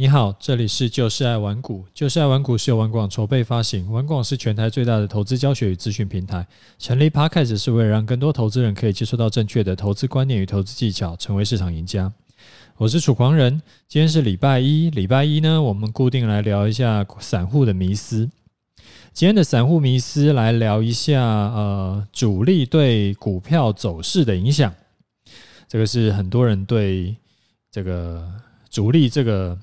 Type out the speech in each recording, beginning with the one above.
你好，這裡是就是愛玩股，就、就是愛玩股是由玩廣籌備發行，玩廣是全台最大的投資教學與資訊平台。成立 Podcast 是為了讓更多投資人可以接受到正確的投資觀念與投資技巧，成為市場贏家。我是楚狂人，今天是禮拜一，禮拜一呢，我們固定來聊一下散戶的迷思。今天的散戶迷思來聊一下呃主力對股票走勢的影響。這個是很多人對這個主力這個。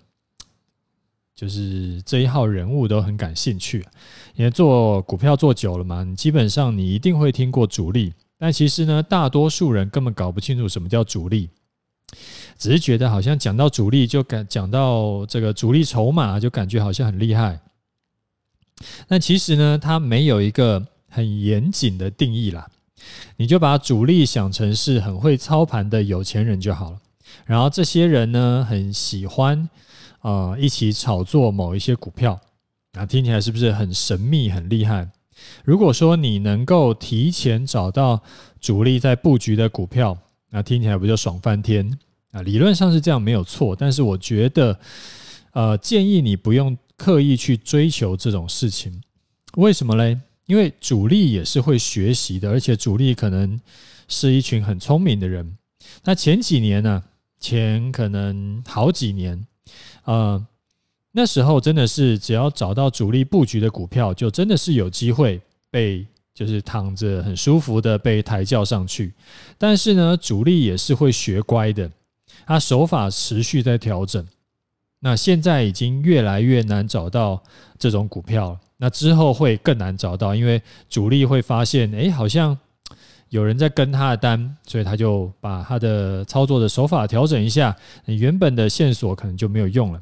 就是這一號人物都很感興趣。啊，因為做股票做久了嘛，你基本上你一定會聽過主力，但其實呢，大多數人根本搞不清楚什麼叫主力，只是覺得好像講到主力就感講到這個主力籌碼就感覺好像很厲害，但其實呢，它沒有一個很嚴謹的定義啦，你就把主力想成是很會操盤的有錢人就好了，然後這些人呢，很喜歡。啊、呃，一起炒作某一些股票，那、啊、聽起來是不是很神秘、很厲害？如果說你能夠提前找到主力在布局的股票，那、啊、聽起來不就爽翻天？啊，理論上是這樣，沒有錯。但是我覺得，呃，建議你不用刻意去追求這種事情。為什麼嘞？因為主力也是會學習的，而且主力可能是一群很聰明的人。那前幾年呢、啊，前可能好幾年。呃，那時候真的是只要找到主力布局的股票，就真的是有機會被就是躺着很舒服的被抬轎上去。但是呢，主力也是會學乖的，他手法持續在調整。那現在已經越來越難找到這種股票，那之後會更難找到，因為主力會發現，哎、欸，好像。有人在跟他的單，所以他就把他的操作的手法調整一下，你原本的線索可能就沒有用了。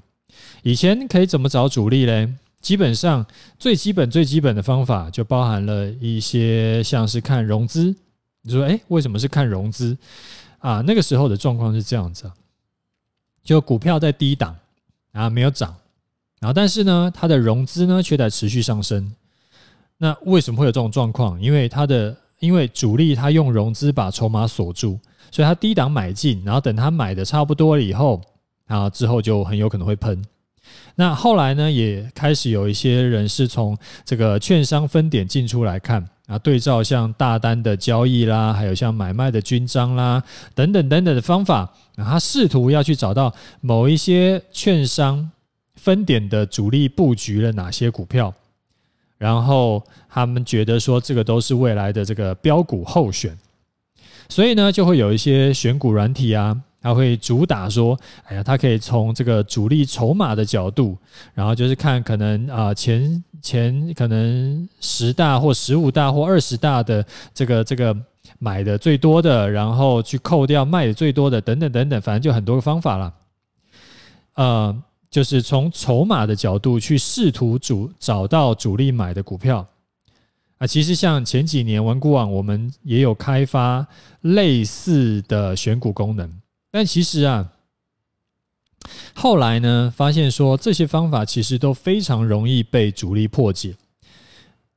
以前可以怎麼找主力呢？基本上最基本最基本的方法就包含了一些，像是看融資。你說，誒，為什麼是看融資啊？那個時候的狀況是這樣子啊，就股票在低檔，然後沒有漲，然後但是呢，它的融資呢卻在持續上升。那為什麼會有這種狀況？因為它的因為主力他用融資把籌碼鎖住，所以他低檔買進，然後等他買的差不多了以後，啊之後就很有可能會噴。那後來呢，也開始有一些人是從這個券商分點進出來看，啊對照像大單的交易啦，還有像買賣的均張啦，等等等等的方法，啊他試圖要去找到某一些券商分點的主力布局了哪些股票。然後他們覺得說，這個都是未來的這個飆股候選，所以呢，就會有一些選股軟體啊，它會主打說，哎呀，它可以從這個主力籌碼的角度，然後就是看可能啊、呃、前前可能十大或十五大或二十大的這個這個買的最多的，然後去扣掉賣的最多的，等等等等，反正就很多個方法了，呃。就是從籌碼的角度去試圖主找到主力買的股票啊，其實像前幾年玩股網，我們也有開發類似的選股功能，但其實啊，後來呢發現說這些方法其實都非常容易被主力破解，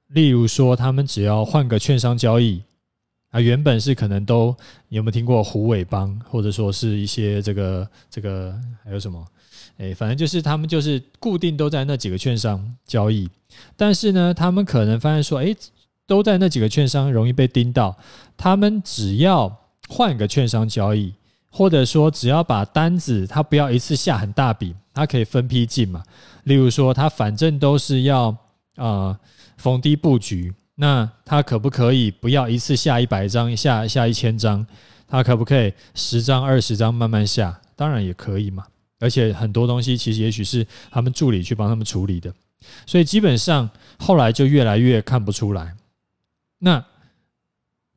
例如說他們只要換個券商交易啊，原本是可能都，你有沒有聽過虎尾幫，或者說是一些這個這個還有什麼？哎、欸，反正就是他們就是固定都在那幾個券商交易，但是呢，他們可能發現說，哎、欸，都在那幾個券商容易被盯到，他們只要換一個券商交易，或者說只要把單子他不要一次下很大筆，他可以分批進嘛。例如說，他反正都是要啊、呃、逢低布局，那他可不可以不要一次下一百張，一下下一千張？他可不可以十張二十張慢慢下？當然也可以嘛。而且很多東西其實也許是他們助理去幫他們處理的，所以基本上後來就越來越看不出來。那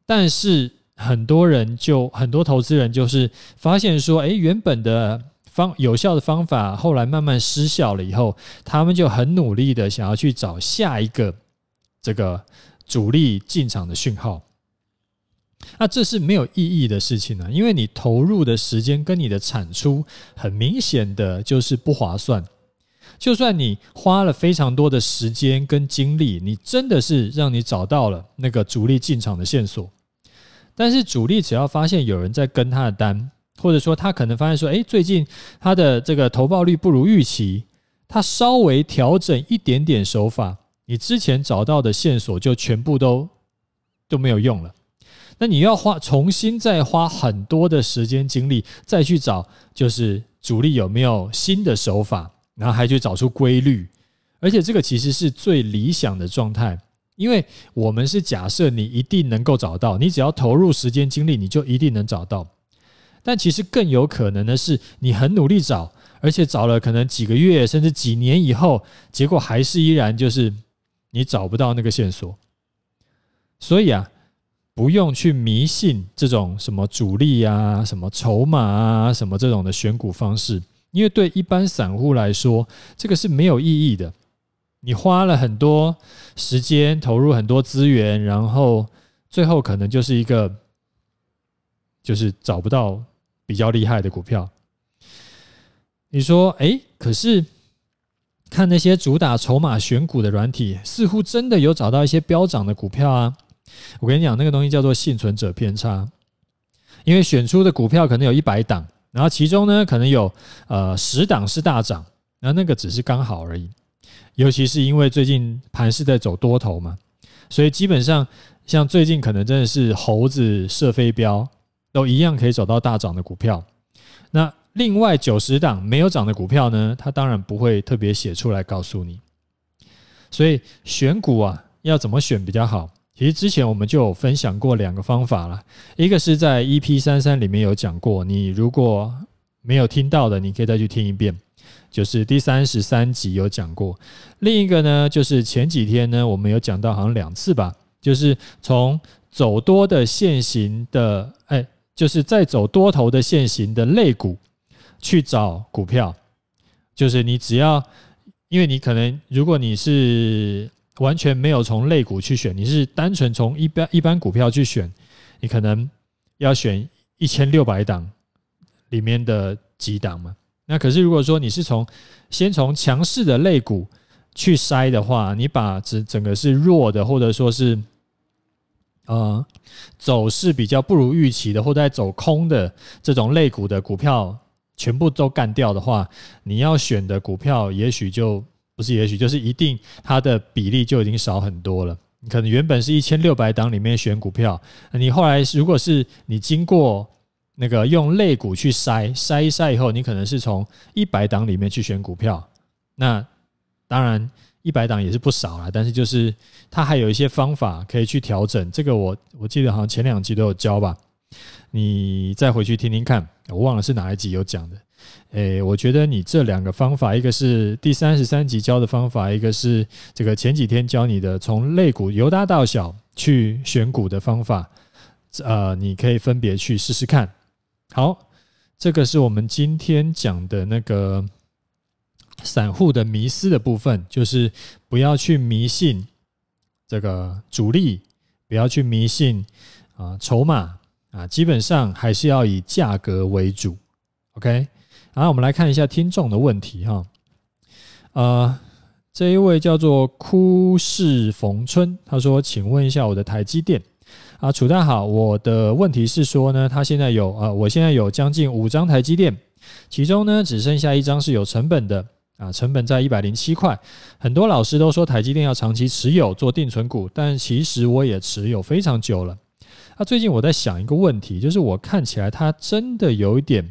但是很多人就很多投資人就是發現說，哎，原本的方有效的方法後來慢慢失效了以後，他們就很努力的想要去找下一個這個主力進場的訊號。那這是沒有意義的事情呢、啊，因為你投入的時間跟你的產出很明顯的就是不划算。就算你花了非常多的時間跟精力，你真的是讓你找到了那個主力進場的線索，但是主力只要發現有人在跟他的單，或者說他可能發現說，哎，最近他的這個投報率不如預期，他稍微調整一點點手法，你之前找到的線索就全部都都沒有用了。那你要花重新再花很多的時間精力，再去找，就是主力有沒有新的手法，然後還去找出規律。而且這個其實是最理想的狀態，因為我們是假設你一定能夠找到，你只要投入時間精力，你就一定能找到。但其實更有可能的是，你很努力找，而且找了可能幾個月甚至幾年以後，結果還是依然就是你找不到那個線索。所以啊。不用去迷信這種什麼主力啊、什麼籌碼啊、什麼這種的選股方式，因為對一般散戶來說，這個是沒有意義的。你花了很多時間，投入很多資源，然後最後可能就是一個，就是找不到比較厲害的股票。你說，哎，可是看那些主打籌碼選股的軟體，似乎真的有找到一些飆漲的股票啊。我跟你講，那個東西叫做倖存者偏差，因為選出的股票可能有一百檔，然後其中呢，可能有呃十檔是大漲，然後那個只是剛好而已。尤其是因為最近盤勢在走多頭嘛，所以基本上像最近可能真的是猴子射飛鏢，都一樣可以找到大漲的股票。那另外九十檔沒有漲的股票呢，它當然不會特別寫出來告訴你。所以選股啊，要怎麼選比較好？其實之前我們就有分享過兩個方法了，一個是在 EP33 裡面有講過，你如果沒有聽到的，你可以再去聽一遍，就是第三十三集有講過。另一個呢，就是前幾天呢，我們有講到，好像兩次吧，就是從走多的線型的，誒，就是在走多頭的線型的類股去找股票，就是你只要，因為你可能如果你是。完全沒有從類股去選，你是單純從一般一般股票去選，你可能要選一千六百檔裡面的幾檔嘛。那可是如果說你是從先從強勢的類股去篩的話，你把整整個是弱的或者說是呃走勢比較不如預期的，或者在走空的這種類股的股票全部都幹掉的話，你要選的股票也許就。不是也、也許就是一定，它的比例就已經少很多了。你可能原本是一千六百檔裡面選股票，你後來如果是你經過那個用類股去篩篩一篩以後，你可能是從一百檔裡面去選股票。那當然一百檔也是不少了，但是就是它還有一些方法可以去調整。這個我我記得好像前兩集都有教吧，你再回去聽聽看，我忘了是哪一集有講的。誒、欸，我覺得你這兩個方法，一個是第三十三集教的方法，一個是這個前幾天教你的從類股由大到小去選股的方法，呃，你可以分別去試試看。好，這個是我們今天講的那個散戶的迷思的部分，就是不要去迷信這個主力，不要去迷信啊、呃、籌碼啊、呃，基本上還是要以價格為主，OK。好、啊，我們來看一下聽眾的問題哈。呃、啊，這一位叫做枯世逢春，他說：“請問一下我的台積電啊，楚大好，我的問題是說呢，他現在有啊，我現在有將近五張台積電，其中呢只剩下一張是有成本的啊，成本在一百零七塊。很多老師都說台積電要長期持有做定存股，但其實我也持有非常久了。那、啊、最近我在想一個問題，就是我看起來它真的有一點。”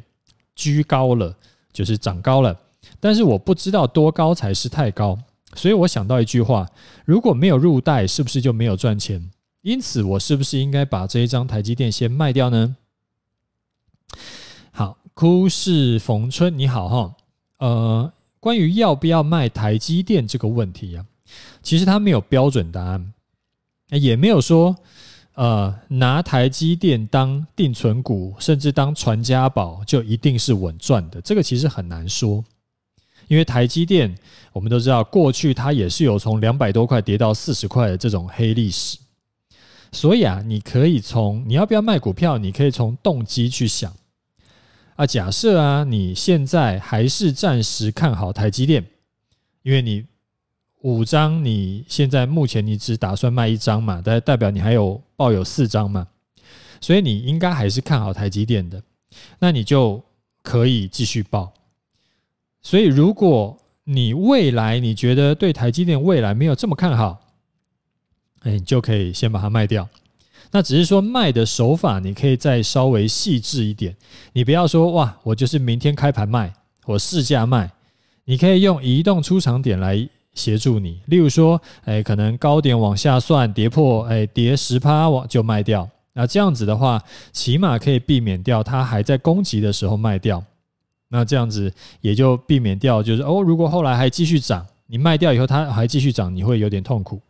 居高了，就是漲高了，但是我不知道多高才是太高，所以我想到一句話：如果沒有入袋，是不是就沒有賺錢？因此，我是不是應該把這一張台積電先賣掉呢？好，枯樹逢春，你好哈。呃，關於要不要賣台積電這個問題啊，其實它沒有標準答案，也沒有說，呃，拿台積電當定存股，甚至當傳家寶，就一定是穩賺的？這個其實很難說，因為台積電，我們都知道，過去它也是有從兩百多塊跌到四十塊的這種黑歷史。所以啊，你可以從你要不要賣股票，你可以從動機去想。啊，假設啊，你現在還是暫時看好台積電，因為你。五張，你現在目前你只打算賣一張嘛？但代表你還有抱有四張嘛？所以你應該還是看好台積電的，那你就可以繼續抱。所以如果你未來你覺得對台積電未來沒有這麼看好，哎，你就可以先把它賣掉。那只是說賣的手法，你可以再稍微細緻一點。你不要說哇，我就是明天開盤賣，我市價賣，你可以用移動出場點來。協助你，例如說，哎、欸，可能高點往下算，跌破，哎、欸，跌十趴往就賣掉。那這樣子的話，起碼可以避免掉它還在攻擊的時候賣掉。那這樣子也就避免掉，就是哦，如果後來還繼續漲，你賣掉以後它還繼續漲，你會有點痛苦。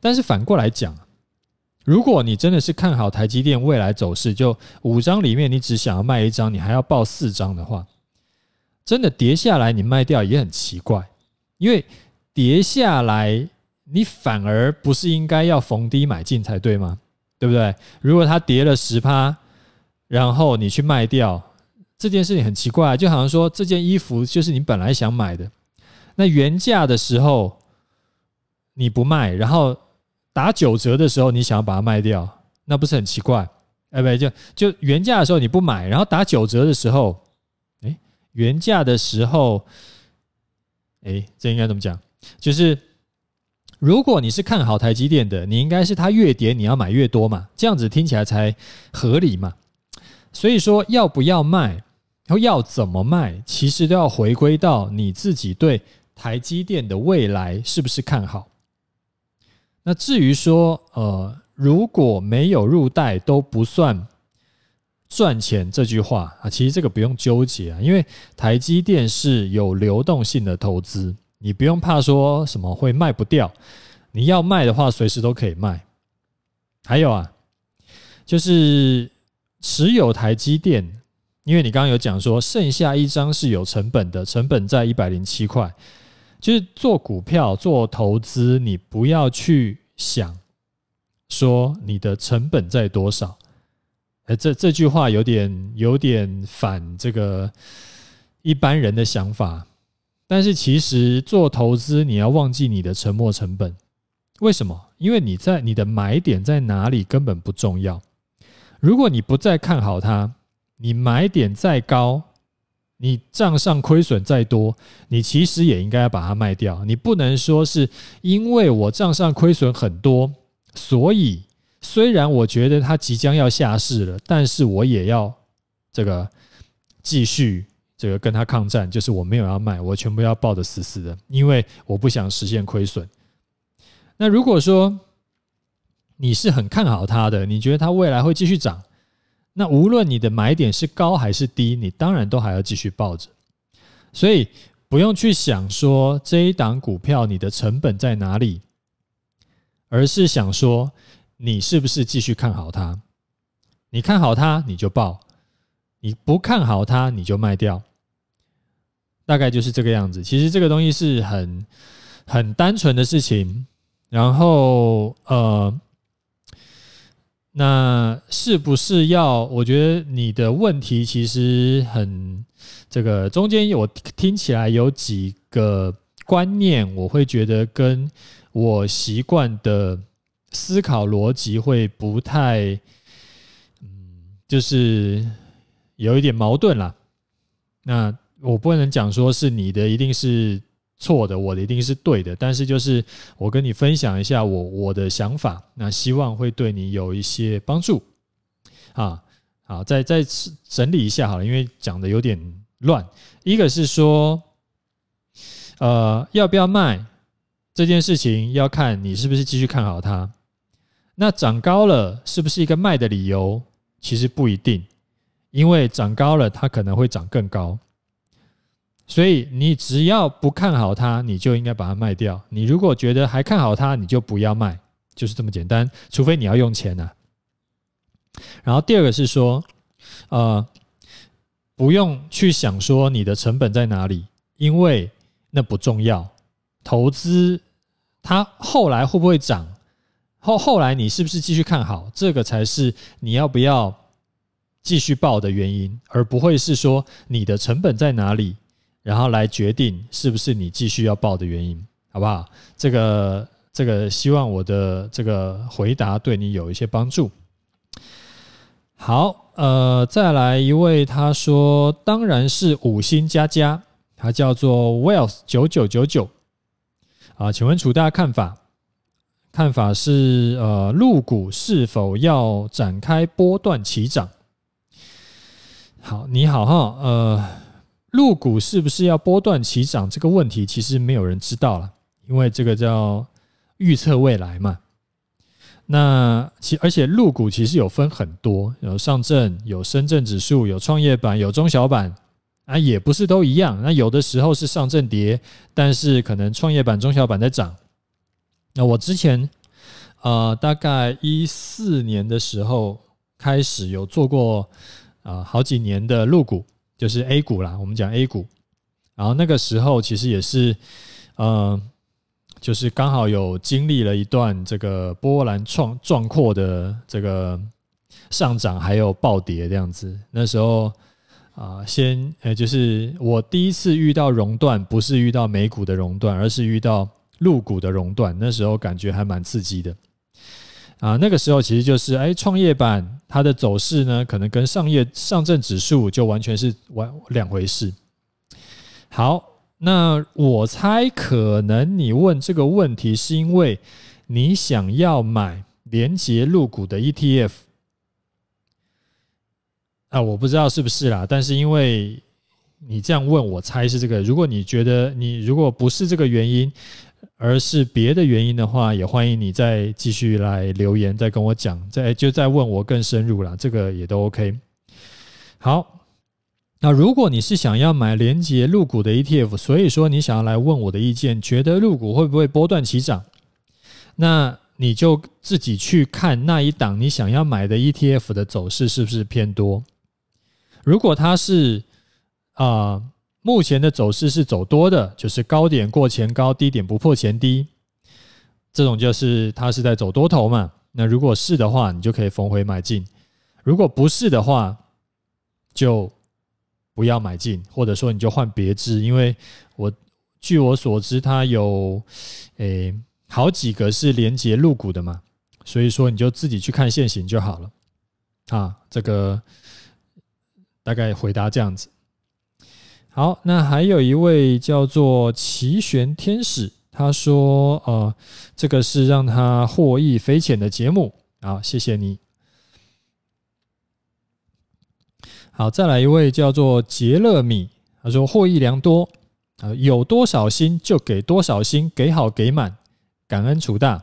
但是反過來講，如果你真的是看好台積電未來走勢，就五張裡面你只想要賣一張，你還要抱四張的話，真的跌下來你賣掉也很奇怪。因為跌下來，你反而不是應該要逢低買進才對嗎？對不對？如果它跌了十趴，然後你去賣掉，這件事情很奇怪，就好像說這件衣服就是你本來想買的，那原價的時候你不賣，然後打九折的時候你想要把它賣掉，那不是很奇怪？哎，不就就原價的時候你不買，然後打九折的時候，哎，原價的時候。誒，這應該怎麼講？就是如果你是看好台積電的，你應該是它越跌你要買越多嘛，這樣子聽起來才合理嘛。所以說要不要賣，要怎麼賣，其實都要回歸到你自己對台積電的未來是不是看好。那至於說，呃，如果沒有入袋都不算，賺錢這句話啊，其實這個不用糾結啊，因為台積電是有流動性的投資，你不用怕說什麼會賣不掉，你要賣的話隨時都可以賣。還有啊，就是持有台積電，因為你剛剛有講說剩下一張是有成本的，成本在一百零七塊，就是做股票，做投資，你不要去想說你的成本在多少。這這句話有點有點反這個一般人的想法，但是其實做投資，你要忘記你的沉沒成本。為什麼？因為你在你的買點在哪裡根本不重要。如果你不再看好它，你買點再高，你賬上虧損再多，你其實也應該要把它賣掉。你不能說是因為我賬上虧損很多，所以。雖然我覺得它即將要下市了，但是我也要這個繼續這個跟它抗戰。就是我沒有要賣，我全部要抱得死死的，因為我不想實現虧損。那如果說你是很看好它的，你覺得它未來會繼續漲，那無論你的買點是高還是低，你當然都還要繼續抱着。所以不用去想說，這一檔股票你的成本在哪裡，而是想說。你是不是繼續看好它？你看好它，你就抱；你不看好它，你就賣掉。大概就是這個樣子。其實這個東西是很很單純的事情。然後，呃，那是不是要？我覺得你的問題其實很這個中間我聽起來有幾個觀念，我會覺得跟我習慣的。思考邏輯會不太，嗯，就是有一點矛盾啦，那我不能講說是你的一定是錯的，我的一定是對的。但是就是我跟你分享一下我我的想法，那希望會對你有一些幫助。啊，好，再再次整理一下好了，因為講的有點亂。一個是說，呃，要不要賣這件事情，要看你是不是繼續看好它。那漲高了是不是一個賣的理由？其實不一定，因為漲高了它可能會漲更高，所以你只要不看好它，你就應該把它賣掉。你如果覺得還看好它，你就不要賣，就是這麼簡單。除非你要用錢啊。然後第二個是說，呃，不用去想說你的成本在哪裡，因為那不重要。投資它後來會不會漲？後後來你是不是繼續看好這個才是你要不要繼續抱的原因，而不會是說你的成本在哪裡，然後來決定是不是你繼續要抱的原因，好不好？這個這個希望我的這個回答對你有一些幫助。好，呃，再來一位，他說當然是五星加加，他叫做 Wealth 九九九九啊，請問楚大看法？看法是，呃，陸股是否要展開波段起漲？好，你好哈，呃，陸股是不是要波段起漲？這個問題其實沒有人知道了，因為這個叫預測未來嘛。那其而且陸股其實有分很多，有上證、有深圳指數、有創業板、有中小板啊，也不是都一樣。那有的時候是上證跌，但是可能創業板、中小板在漲。那我之前，呃，大概一四年的時候開始有做過啊、呃，好幾年的陸股，就是 A 股啦。我們講 A 股，然後那個時候其實也是，呃，就是剛好有經歷了一段這個波瀾壯壯闊的這個上漲，還有暴跌這樣子。那時候啊、呃，先呃，就是我第一次遇到熔斷，不是遇到美股的熔斷，而是遇到。陸股的熔斷，那時候感覺還蠻刺激的啊。那個時候其實就是，哎、欸，創業板它的走勢呢，可能跟上業上證指數就完全是完兩回事。好，那我猜可能你問這個問題是因為你想要買連接陸股的 ETF 啊，我不知道是不是啦。但是因為你這樣問，我猜是這個。如果你覺得你如果不是這個原因，而是別的原因的話，也歡迎你再繼續來留言，再跟我講，再就再問我更深入了，這個也都 OK。好，那如果你是想要買連結陸股的 ETF，所以說你想要來問我的意見，覺得陸股會不會波段起漲？那你就自己去看那一檔你想要買的 ETF 的走勢是不是偏多？如果它是啊。呃目前的走勢是走多的，就是高點過前高，低點不破前低，這種就是它是在走多頭嘛。那如果是的話，你就可以逢回買進；如果不是的話，就不要買進，或者說你就換別支，因為我據我所知，它有誒、欸、好幾個是連結入股的嘛，所以說你就自己去看線型就好了。啊，這個大概回答這樣子。好，那還有一位叫做齊玄天使，他說：“呃，這個是讓他獲益匪淺的節目。”好，謝謝你。好，再來一位叫做杰勒米，他說獲益良多。啊，有多少星就給多少星，給好給滿，感恩楚大。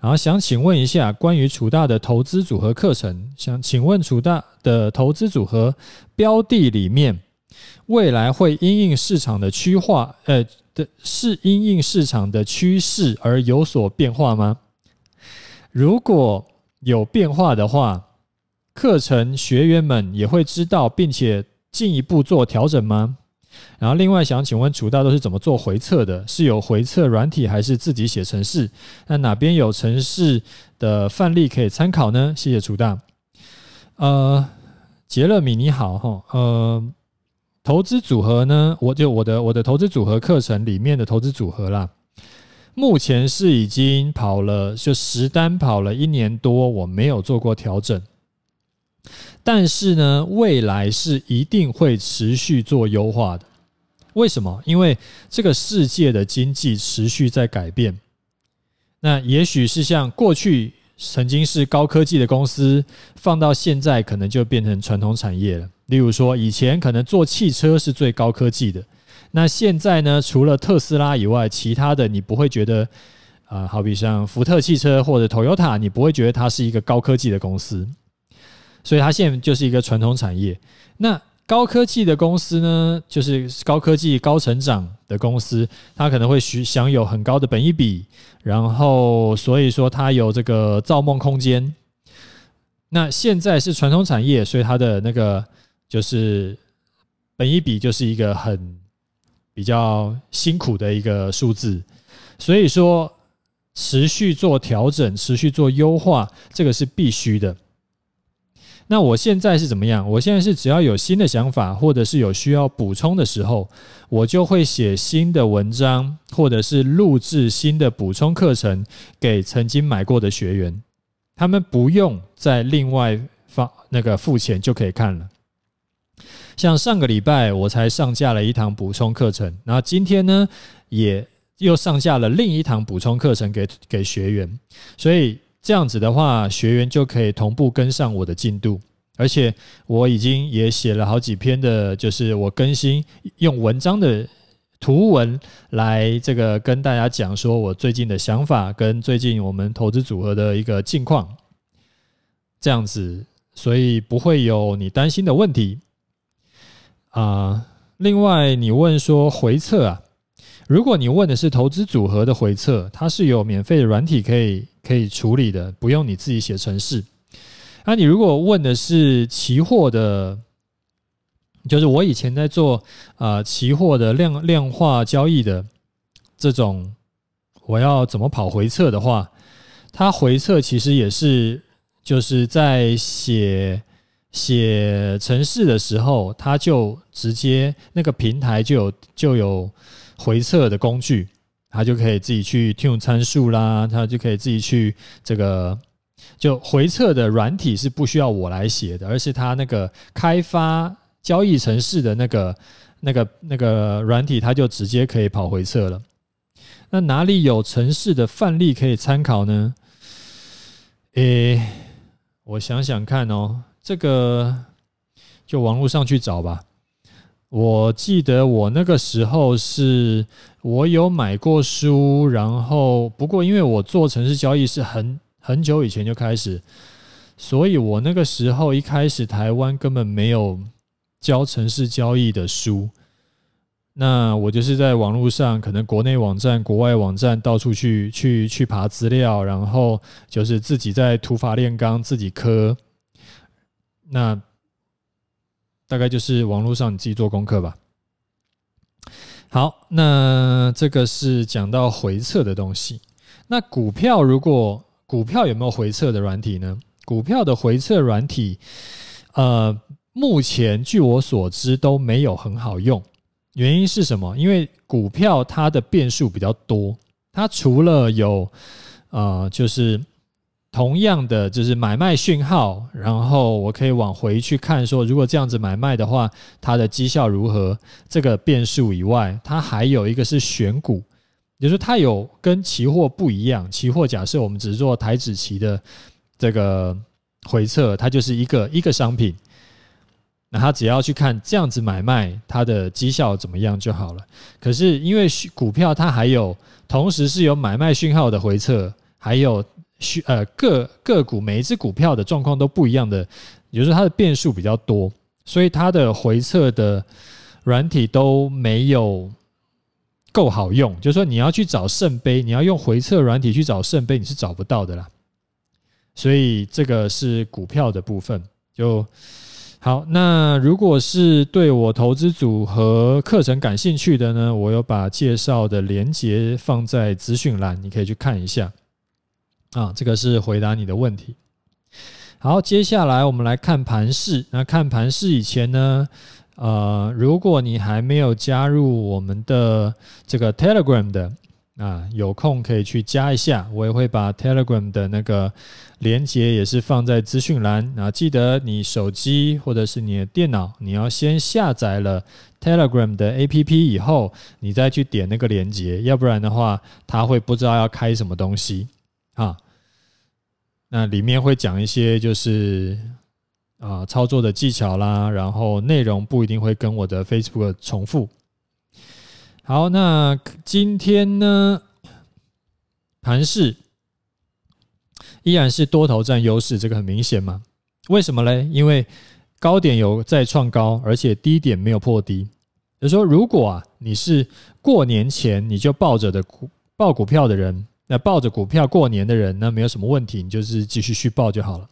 然後想請問一下關於楚大的投資組合課程，想請問楚大的投資組合標的裡面。未來會因應市場的趨化，呃，的是因應市場的趨勢而有所變化嗎？如果有變化的話，課程學員們也會知道，並且進一步做調整嗎？然後，另外想請問楚大都是怎麼做回測的？是有回測軟體，還是自己寫程式？那哪邊有程式的範例可以參考呢？謝謝楚大。呃，杰勒米你好哈，呃。投資組合呢？我就我的我的投資組合課程裡面的投資組合啦，目前是已經跑了就實單，跑了一年多，我沒有做過調整。但是呢，未來是一定會持續做優化的。為什麼？因為這個世界的經濟持續在改變。那也許是像過去曾經是高科技的公司，放到現在可能就變成傳統產業了。例如說，以前可能做汽車是最高科技的，那現在呢？除了特斯拉以外，其他的你不會覺得啊、呃，好比像福特汽車或者 Toyota，你不會覺得它是一個高科技的公司，所以它現在就是一個傳統產業。那高科技的公司呢，就是高科技高成長的公司，它可能會享享有很高的本益比，然後所以說它有這個造夢空間。那現在是傳統產業，所以它的那個。就是本一筆就是一個很比較辛苦的一個數字，所以說持續做調整、持續做優化，這個是必須的。那我現在是怎麼樣？我現在是只要有新的想法，或者是有需要補充的時候，我就會寫新的文章，或者是錄製新的補充課程給曾經買過的學員，他們不用再另外發那個付錢就可以看了。像上個禮拜，我才上架了一堂補充課程，然後今天呢，也又上架了另一堂補充課程給給學員，所以這樣子的話，學員就可以同步跟上我的進度，而且我已經也寫了好幾篇的，就是我更新用文章的圖文來這個跟大家講說我最近的想法跟最近我們投資組合的一個近況，這樣子，所以不會有你擔心的問題。啊，另外你問說回測啊，如果你問的是投資組合的回測，它是有免費的軟體可以可以處理的，不用你自己寫程式。那、啊、你如果問的是期貨的，就是我以前在做啊期貨的量量化交易的這種，我要怎麼跑回測的話，它回測其實也是就是在寫。寫程式的時候，它就直接那個平台就有就有回測的工具，它就可以自己去 tune 參數啦，它就可以自己去這個就回測的軟體是不需要我來寫的，而是它那個開發交易程式的那個那個那個軟體，它就直接可以跑回測了。那哪裡有程式的範例可以參考呢？誒、欸，我想想看哦、喔。這個就網絡上去找吧。我記得我那個時候是我有買過書，然後不過因為我做程式交易是很很久以前就開始，所以我那個時候一開始台灣根本沒有教程式交易的書，那我就是在網絡上，可能國內網站、國外網站到處去去去爬資料，然後就是自己在土法煉鋼，自己磕。那大概就是網絡上你自己做功課吧。好，那這個是講到回測的東西。那股票，如果股票有沒有回測的軟體呢？股票的回測軟體，呃，目前據我所知都沒有很好用。原因是什麼？因為股票它的變數比較多，它除了有呃，就是。同樣的就是買賣訊號，然後我可以往回去看，說如果這樣子買賣的話，它的績效如何。這個變數以外，它還有一個是選股，也就是說它有跟期貨不一樣。期貨假設我們只做台指期的這個回測，它就是一個一個商品，那它只要去看這樣子買賣它的績效怎麼樣就好了。可是因為股票它還有同時是有買賣訊號的回測，還有。需呃，、個個股每一只股票的狀況都不一樣的，也就是說它的變數比較多，所以它的回測的軟體都沒有夠好用。就是說你要去找聖杯，你要用回測軟體去找聖杯，你是找不到的啦。所以這個是股票的部分就好。那如果是對我投資組合課程感興趣的呢，我有把介紹的連接放在資訊欄，你可以去看一下。啊，這個是回答你的問題。好，接下來我們來看盤勢。那看盤勢以前呢，呃，如果你還沒有加入我們的這個 Telegram 的，啊，有空可以去加一下。我也會把 Telegram 的那個連接也是放在資訊欄。啊，記得你手機或者是你的電腦，你要先下載了 Telegram 的 APP 以後，你再去點那個連接，要不然的話，他會不知道要開什麼東西啊。那裡面會講一些就是啊、呃、操作的技巧啦，然後內容不一定會跟我的 Facebook 重複。好，那今天呢，盤勢依然是多頭佔優勢，這個很明顯嘛。為什麼嘞？因為高點有再創高，而且低點沒有破低。就說如果啊你是過年前你就抱着的股抱股票的人，那抱着股票過年的人呢，沒有什麼問題，你就是繼續續抱就好了。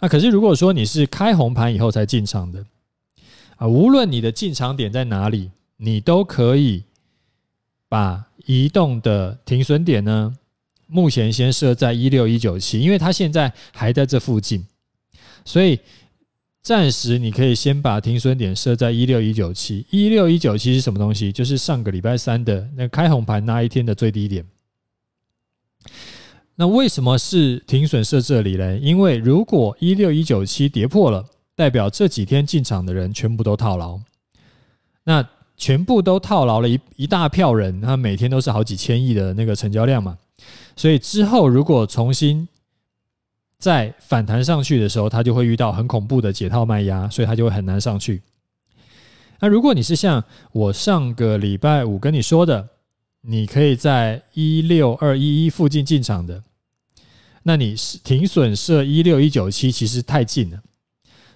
那、啊、可是，如果說你是開紅盤以後才進場的啊，無論你的進場點在哪裡，你都可以把移動的停損點呢，目前先設在一六一九七，因為它現在還在這附近，所以暫時你可以先把停損點設在一六一九七，一六一九七是什麼東西？就是上個禮拜三的那開紅盤那一天的最低點。那為什麼是停損設這裡呢？因為如果16197跌破了，代表這幾天進場的人全部都套牢，那全部都套牢了一一大票人，他每天都是好幾千億的那個成交量嘛，所以之後如果重新再反彈上去的時候，他就會遇到很恐怖的解套賣壓，所以他就會很難上去。那如果你是像我上個禮拜五跟你說的，你可以在一六二一一附近進場的，那你是停損設一六一九七，其實太近了，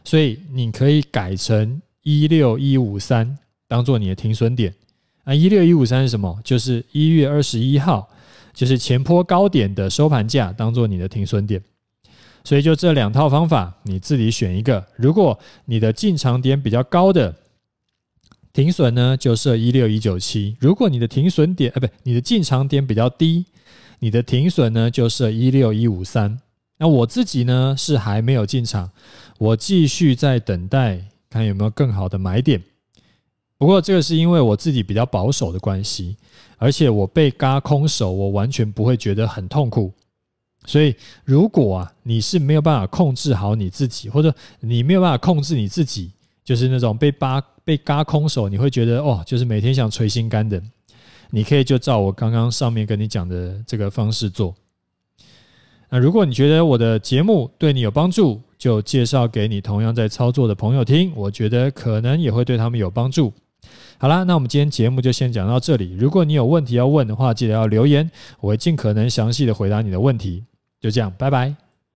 所以你可以改成一六一五三當做你的停損點啊。一六一五三是什麼？就是一月二十一號，就是前波高點的收盤價當做你的停損點。所以就這兩套方法，你自己選一個。如果你的進場點比較高的。停損呢就設一六一九七，如果你的停損點，啊，不，你的進場點比較低，你的停損呢就設一六一五三。那我自己呢是還沒有進場，我繼續在等待看有沒有更好的買點。不過這個是因為我自己比較保守的關係，而且我被軋空手，我完全不會覺得很痛苦。所以如果啊你是沒有辦法控制好你自己，或者你沒有辦法控制你自己。就是那種被扒被嘎空手，你會覺得哦，就是每天想捶心肝的。你可以就照我剛剛上面跟你講的這個方式做。那如果你覺得我的節目對你有幫助，就介紹給你同樣在操作的朋友聽，我覺得可能也會對他們有幫助。好啦，那我們今天節目就先講到這裡。如果你有問題要問的話，記得要留言，我會盡可能詳細的回答你的問題。就這樣，拜拜。